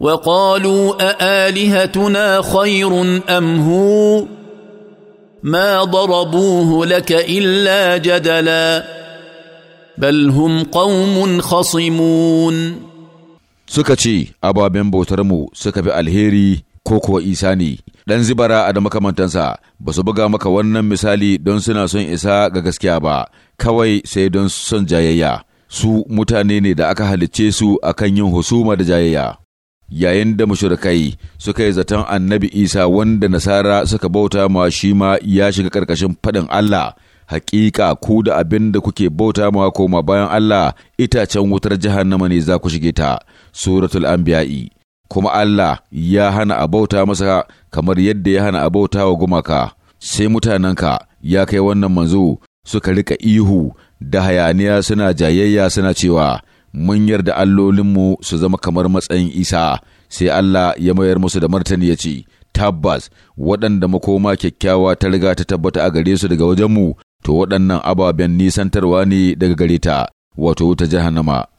وقالوا أآلهتنا خير أم هو ما ضربوه لك إلا جدلا بل هم قوم خصمون suka ce ababen bautarmu suka fi alheri ko kuwa isa ne ɗan zibara a da makamantansa ba su buga maka wannan misali don suna son isa ga gaskiya ba kawai sai don son jayayya su mutane ne da aka halicce su akan yin husuma da jayayya yayin da mashirkai suka yi zaton annabi isa wanda nasara suka bauta ma shi ma ya shiga ƙarƙashin faɗin allah hakika ku da abin da kuke bauta ma koma bayan allah itacen wutar jahannama ne za ku shige ta suratul anbiya'i kuma allah ya hana a bauta masa kamar yadda ya hana a bauta wa gumaka sai mutanenka ya kai wannan manzo suka rika ihu da hayaniya suna jayayya suna cewa mun yarda allolinmu su zama kamar matsayin isa sai Allah ya mayar musu da martani ya ce tabbas waɗanda makoma kyakkyawa ta riga ta tabbata a gare su daga wajenmu to waɗannan ababen nisantarwa ne daga gare ta wato ta jahannama